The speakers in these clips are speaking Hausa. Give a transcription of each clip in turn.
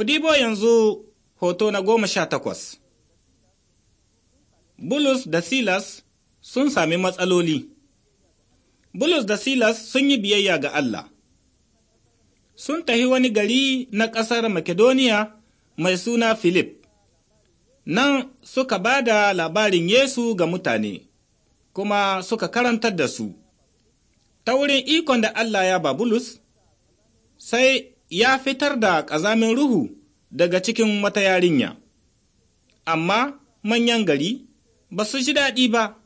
Kudibo yanzu hoto na goma sha takwas. Bulus da Silas sun sami matsaloli. Bulus da Silas sun yi biyayya ga Allah. Sun tahi wani gari na ƙasar Makedoniya mai suna Filip. Nan suka ba da labarin Yesu ga mutane, kuma suka karantar da su. Ta wurin ikon da Allah ya ba Bulus, sai ya fitar da ƙazamin ruhu daga cikin wata yarinya, amma manyan gari ba su ji daɗi ba,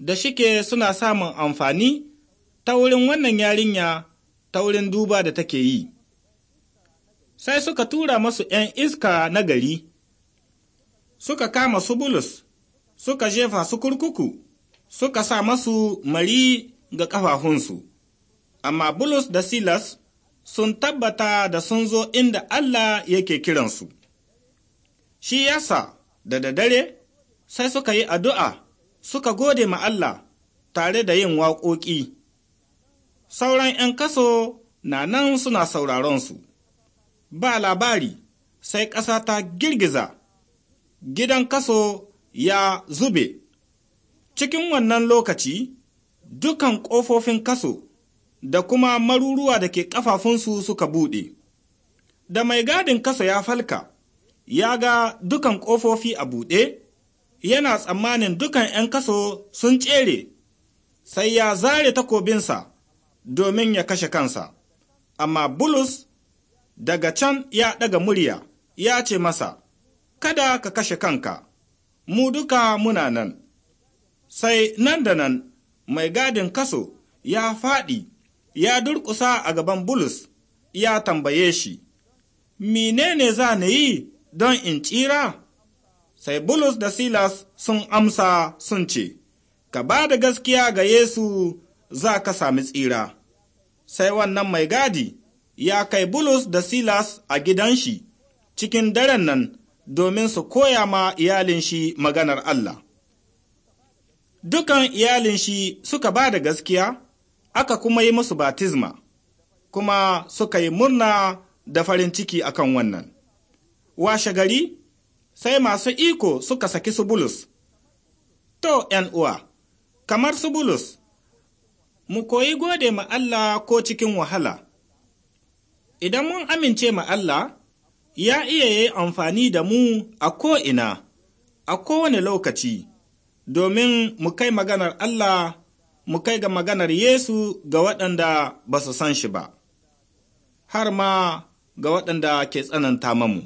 da shike suna samun amfani ta wurin wannan yarinya ta wurin duba da take yi. Sai suka tura masu ’yan iska na gari, suka kama su bulus, suka jefa su kurkuku, suka sa masu mari ga ƙafafunsu, amma bulus da silas sun tabbata da sun zo inda Allah yake kiransu. Shi yasa da daddare sai suka yi addu'a suka gode ma Allah tare da yin waƙoƙi. Sauran ‘yan kaso na nan suna sauraron su. ba labari sai ƙasa ta girgiza, gidan kaso ya zube. Cikin wannan lokaci, dukan ƙofofin kaso da kuma maruruwa da ke ƙafafunsu suka buɗe. Da mai gadin kasa ya falka, ya ga dukan ƙofofi a buɗe, yana tsammanin dukan ’yan kaso sun tsere, sai ya zare takobinsa domin ya kashe kansa. Amma Bulus daga can ya ɗaga murya, ya ce masa, Kada ka kashe kanka, mu duka muna nan. Sai nan da nan, mai gadin kaso ya faɗi. ya durƙusa a gaban Bulus ya tambaye shi, Menene za na yi don in tsira? Sai Bulus da Silas sun amsa sun ce, Ka ba da gaskiya ga Yesu za ka sami tsira. Sai wannan mai gadi ya kai Bulus da Silas a gidan shi cikin daren nan domin su koya ma iyalin shi maganar Allah. Dukan iyalin shi suka ba da gaskiya? aka kuma yi musu batizma, kuma suka yi murna da farin ciki akan wannan. Washe gari, sai masu iko suka saki su bulus To, ’yan uwa, kamar su bulus mu koyi gode ma Allah ko cikin wahala. Idan mun amince ma Allah, ya iya yi amfani da mu a ko'ina, a kowane lokaci, domin mu kai maganar Allah mu kai ga maganar Yesu ga waɗanda ba su san shi ba, har ma ga waɗanda ke tsananta mamu.